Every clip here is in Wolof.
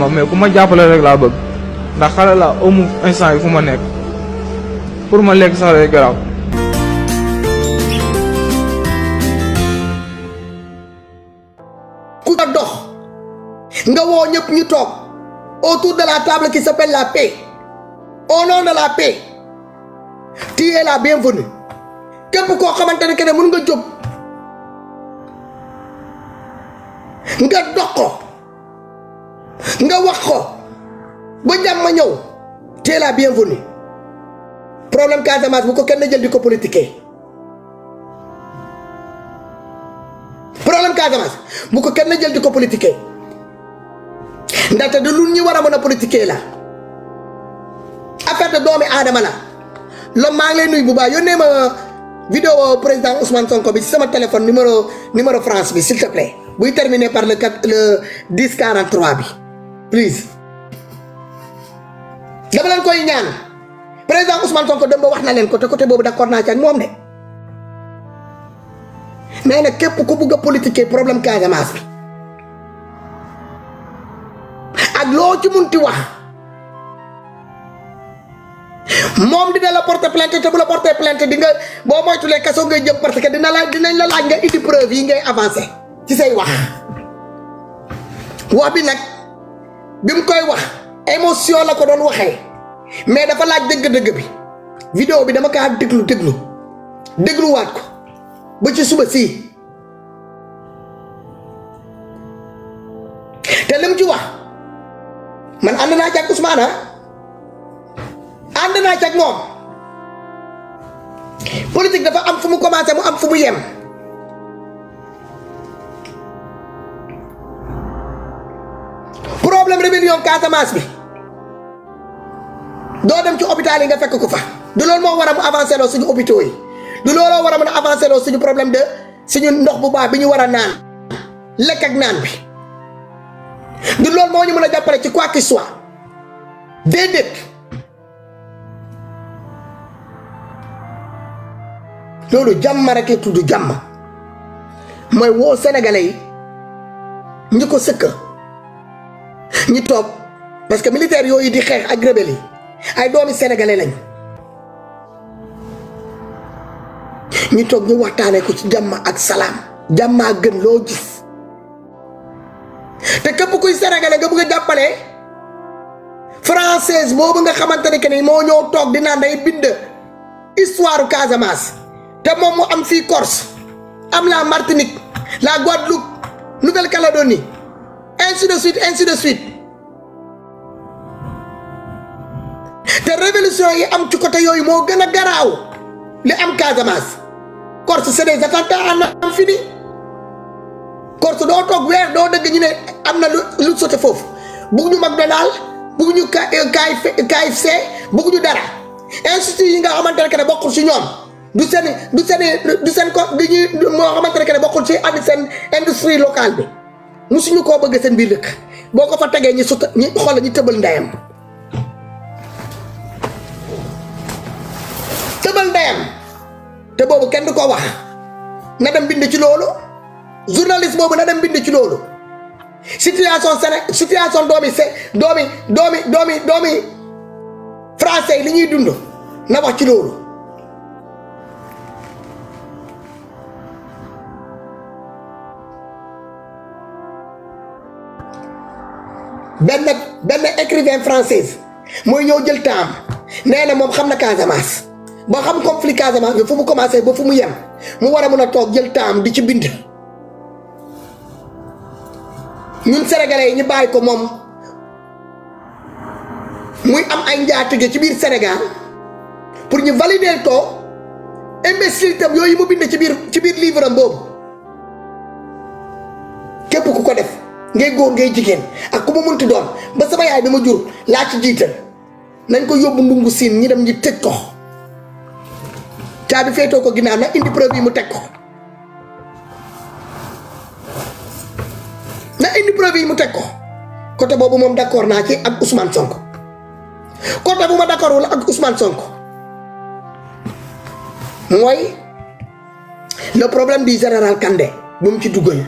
ma mais ku ma jàppale rek laa bëgg ndax xale laa amu yi fu ma nekk pour ma lekk sax rek garaaw ku nga dox nga woo ñëpp ñu toog autour de la table qui s'appelle la paix au nom de la paix tu es la bienvenue képp koo xamante ne que mën nga jóg nga dox nga wax ko ba jàmm ma ñëw tee la bienvenue problème Casamance bu ko kenn jël di ko politiquer problème Casamance bu ko kenn jël di ko politiquer ndaxte de lu ñu war a mën a politiquer la affaire de doomi aadama la loolu maa ngi lay nuyu bu baax yónnee ma vidéo président Ousmane Sonko bi ci sama téléphone numéro numéro France bi s'il te plaît buy terminé par le le 10 43 bi. prise dama leen koy ñaan président Ousmane Sonko ko ba wax na leen ko te côté boobu d'accord naa ci ak moom de mais képp ku bugg a politiquer problème Casamance bi ak loo ci ti wax moom dina la porter plainte te bu la porter plainte di nga boo moytulee kaso ngay jëm parce que dina la dinañ la laaj nga indi preuve yi ngay avancer ci say wax wax bi nag. bi mu koy wax émotion la ko doon waxee mais dafa laaj dëgg-dëgg bi vidéo bi dama kaa déglu déglu dégluwaat ko ba ci suba si te li mu ci wax man ànd naa ci ak ah. ànd naa ci moom politique dafa am fu mu commencé mu am fu mu yem ñoom Casamance bi doo dem ci hôpital yi nga fekk ko fa du loolu moo war a mu avancé loo suñu hôpitaux yi du looloo war a mën a avancé loo suñu problème de suñu ndox bu baax bi ñu war a naan lekk ak naan bi du loolu mën a jàppale ci quoi que soit déedéet loolu jàmm rek tudd jàmm mooy woo sénégalais yi ñi ko sëkk ñi toog parce que militaire yooyu di xeex ak rebelle ay doomi sénégalais lañu ñi toog ñu waxtaanee ko ci jàmm ak salaam jàmmaa gën loo gis te képp kuy sénégalais nga bëgg a jàppale française boobu nga xamante ne que moo ñëw toog di naan day bind histoire Casamance te moom mu am fii Corse am la Martinique la Guadeloupe Nouvelle-Calédonie ainsi de suite ainsi de suite te révolution yi am ci côté yooyu moo gën a garaaw li am Casamance Corse c'est des attentats en am fini Corse doo toog weer doo dëgg ñu ne am na lu lu sote foofu bugg ñu McDonald bugg ñu KFC euh, bugg ñu dara institut yi nga xamante ne que ne bokkul ci ñoom du seen du seen seen ko du ñuy moo xamante ne que ne bokkul ci am seen industrie locale bi. mu suñu ko bëgg seen biir lëkk boo ko fa tegee ñi sut ñi xool ñi tëbal ndeyam tëbal te boobu kenn du ko wax na dem bind ci loolu journaliste boobu na dem bind ci loolu situation Séné situation doomi se doomi doomi doomi doomi français yi li ñuy dund na wax ci loolu benn benn écrivain mooy ñëw jël temps nee na moom xam na Casamance ba xam conflit Casamance bi fu mu commencé ba fu mu yem mu war a mën a toog jël temps di ci bind. ñun sénégalais yi ñu bàyyi ko moom muy am ay njaatige ci biir Sénégal pour ñu valider ko imbécilité yooyu mu bind ci biir ci biir livre am boobu képp ku ko def. ngay góor ngay jigéen ak ku ma mënti doon ba sama yaay bi ma jur laa ci jiital nañ ko yóbbu ndungu siin ñi dem ñi tëj ko caabi feetoo ko ginnaaw na indi preuve yi mu teg ko indi preuve yi mu teg ko côté boobu moom d'accord naa ci ak Ousmane Sonko côté bu ma d'accord wala ak Ousmane Sonko mooy le problème du général Kandé bu mu ci duggal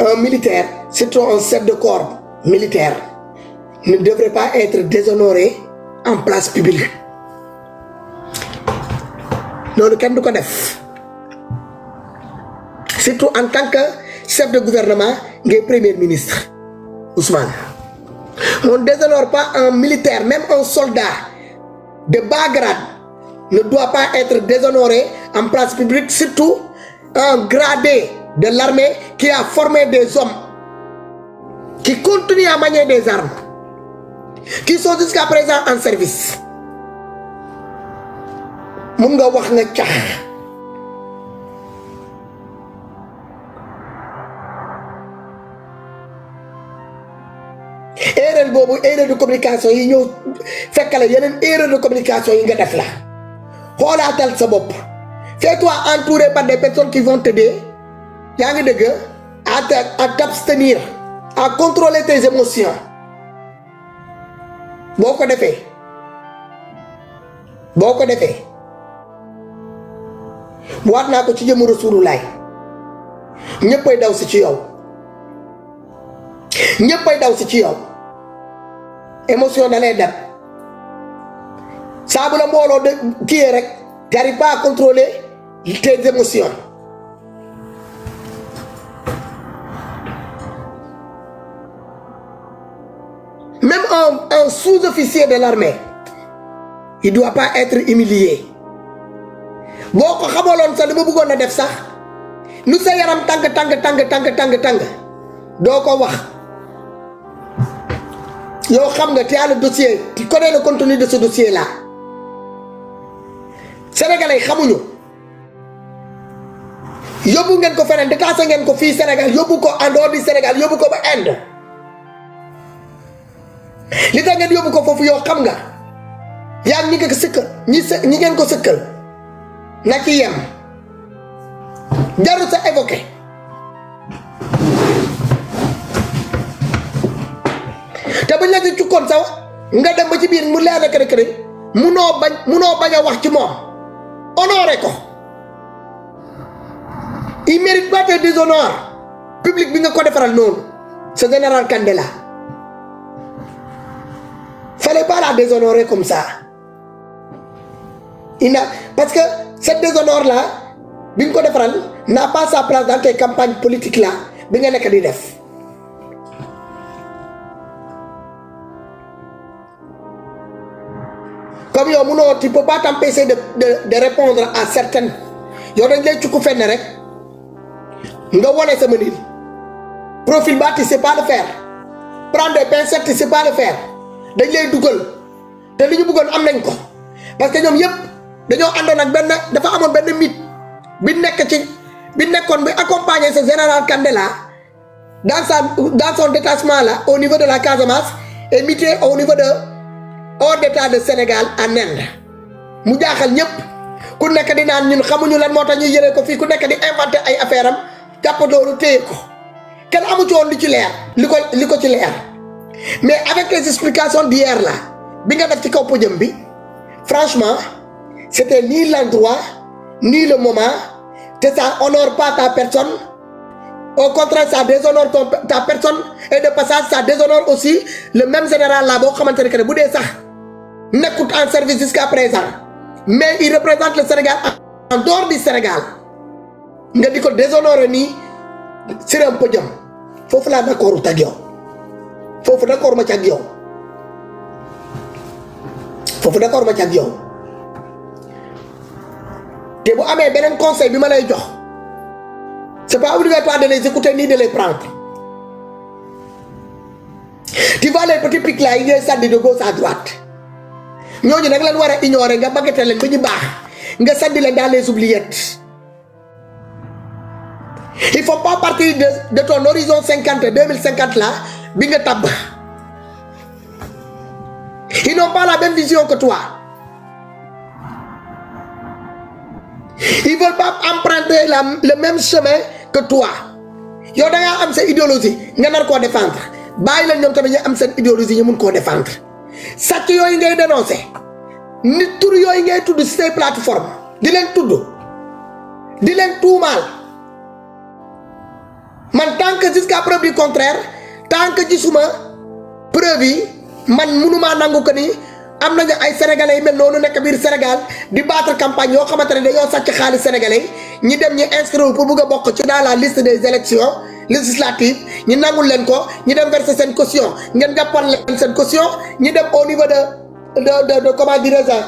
un militaire, surtout un chef de corps militaire, ne devrait pas être déshonoré en place publique. loolu kenn du ko def surtout en tant que chef de gouvernement ngay premier ministre Ousmane on ne déshonore pas un militaire même un soldat de bas grade ne doit pas être déshonoré en place publique surtout un gradé de l'armée ki a forme des hommes qui continuent à manier des armes, qui sont jusqu'à présent en service. mun nga wax ne cax erreur boobu erreur de communication yi ñëw fekkale yeneen erreur de communication yi nga def la xoolaatal sa bopp fais-toi entourer par des personnes qui vont t'aider yaa ngi dëgg a à t'abstenir à contrôler tes émotions boo ko defee boo ko defee waat naa ko ci jëmu Rasululaay ñëppay daw si ci yow ñëppay daw si ci yow émotion da lay dab saa la mbooloo de kii rek t'arrives pas à contrôler Même un, un sous-officier de l'armée, il ne doit pas être humilié. boo ko xamaloon sax li ma bëggoon a def sax lu sa yaram tàng tàng tàng tàng tàng doo ko wax yow xam nga tu as le dossier tu connais le contenu de ce dossier là sénégalais xamuñu yóbbu ngeen ko feneen détaché ngeen ko fii Sénégal yóbbu ko en dehors du Sénégal yóbbu ko ba Inde. li tax ngeen yóbbu ko foofu yow xam nga yaa ñi ko ñi ngeen ko sëkkal na ci yem jarul sa évoqué te buñ la sa cukkoon sax nga dem ba ci biir mu leer la kër kër munoo bañ munoo bañ a wax ci moom honoré ko il mérite pas de déshonneur bi nga ko defaral noonu sa général Kandé fallait pas la déshonorer comme ça. n'a, parce que cette déshonneur la n'a pas sa place dans tes campagnes politiques-là. Comme yo, tu ne peux pas t'empêcher de, de, de, répondre à certaines. Yo, tu ne peux pas faire. Tu ne Profil bas, tu ne sais pas le faire. Prendre des pincettes, tu ne dañ lay dugal te li ñu buggoon am nañ ko parce que ñoom yëpp dañoo àndoon ak benn dafa amoon benn mit bi nekk ci bi nekkoon bi accompagner ce général Kandela dans sa dans son détachement là au niveau de la Casamance et mité au niveau de hors d'état de Sénégal en Inde mu jaaxal ñëpp ku nekk di naan ñun xamuñu lan moo tax ñuy yëree ko fii ku nekk di inventé ay affaire am jàpp téye ko kenn amu ci woon ci leer li ko li ko ci leer. mais avec les explications d'hier là bi nga def ci kaw podium bi franchement c'était ni l'endroit ni le moment te ça honore pas ta personne au contraire ça déshonore ta personne et de passage ça déshonore aussi le même général la boo xamante ne que ne bu dee sax nekkut en service jusqu'à présent mais il représente le Sénégal en dehors du Sénégal nga di ko déshonorer nii sur un foofu laa d'accord ak yow foofu d'accord ma ci ak yow foofu d'accord ma ci ak te bu amee beneen conseil bi ma lay jox c'est pas obligatoire de les écouter ni de les prendre tu vois les petits pics là yi ngay sànni de gauche droite ñooñu nag leen war a ignorer nga bagatelle leen ba ñu baax nga sànni leen dans les oubliettes il faut pas partir de de ton horizon cinquante deux mille cinquante là bi nga tàbb ils n'ont la même vision que toi ils veulent pas emprunter la le même chemin que toi yow da ngaa am sa idéologie nga nar koo baa bàyyi lañ ñoom tamit ñu am seen idéologie ñu mun koo défendre sàcc yooyu ngay dénoncer nit tur yooyu ngay tudd ci say plateforme di leen tudd di leen tuumaal man tant que jusqu'à preuve contraire. tant que gisuma preuve yi man mënumaa nangu ko ni am na nañu ay sénégalais yi mel noonu nekk biir Sénégal di battre campagne yoo xamante ne dañoo sàcc xaalis sénégalais yi ñi dem ñu inscrire pour bugg a bokk ci dans la liste de élections législatives ñi nangul leen ko ñu dem verser seen caution ngeen jàppal leen seen caution ñu dem au niveau de de de de comment dirais je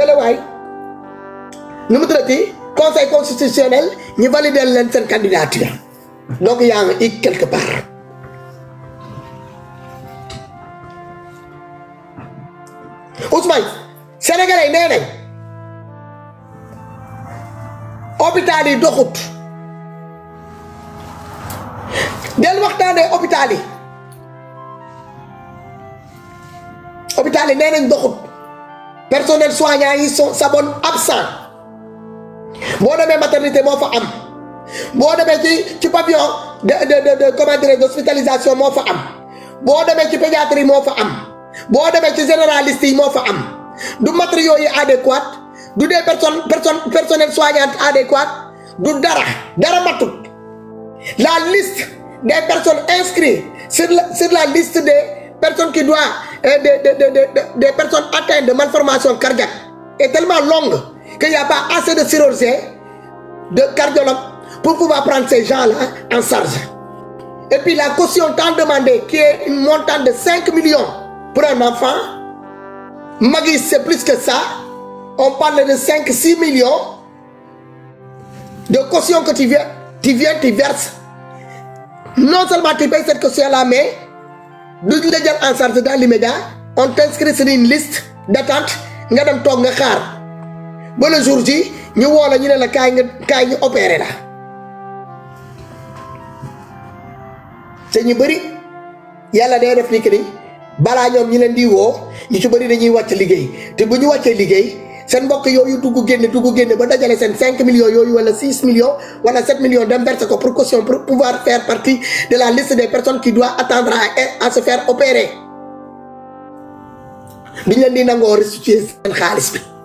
felewaay nu mu tuddati conseil constitutionnel ñu valider leen seen candidature donc yaa ngi quelque part. Mbaye sénégalais yi nee nañ hôpital yi doxut del waxtaanee hôpital yi hôpital yi nee nañ doxut personnel soignant yi sont sabon absent boo demee maternité moo fa am boo demee ci ci pavillon de de de comment dirais-je hospitalisation moo fa am boo demee ci pédiatrie moo fa am. boo demee ci généraliste yi moo fa am du matériaux yi adéquat du dee personnes personne personnel soignant adéquat du dara dara matut la liste des personnes inscrites sur la sur la liste des personnes qui doit euh, des des des des personnes atteintes de malformation cardiaque est tellement longue qu'il n'y a pas de chirurgiens de cardiologues pour pouvoir prendre ces gens-là en charge. Et puis la caution tant demandée, qui est une montante de 5 millions, pour un enfant mag yi c'est plus que ça on parle de cinq six million de caution ci tu viens tu viens tu verses non seulement tu payes cette caution là mais duñ en charge dans l'immédiat on t'inscrit sur une liste nga dem toog nga xaar ba le jour ji ñu woo la ñu ne la kaay nga kaay ñu opéré la te ñu bëri yàlla day def ni que ni balaa ñoom ñi leen di woo ñu ci bëri dañuy wàcc liggéey te bu ñu wàccee liggéey seen mbokk yooyu dugg génne dugg génne ba dajale seen cinq millions yooyu wala 6 millions wala 7 millions dem verse ko pour caution pour pouvoir faire partie de la liste des personnes qui doit attendre à à faire opérer. biñ leen di nangoo restituer seen xaalis bi.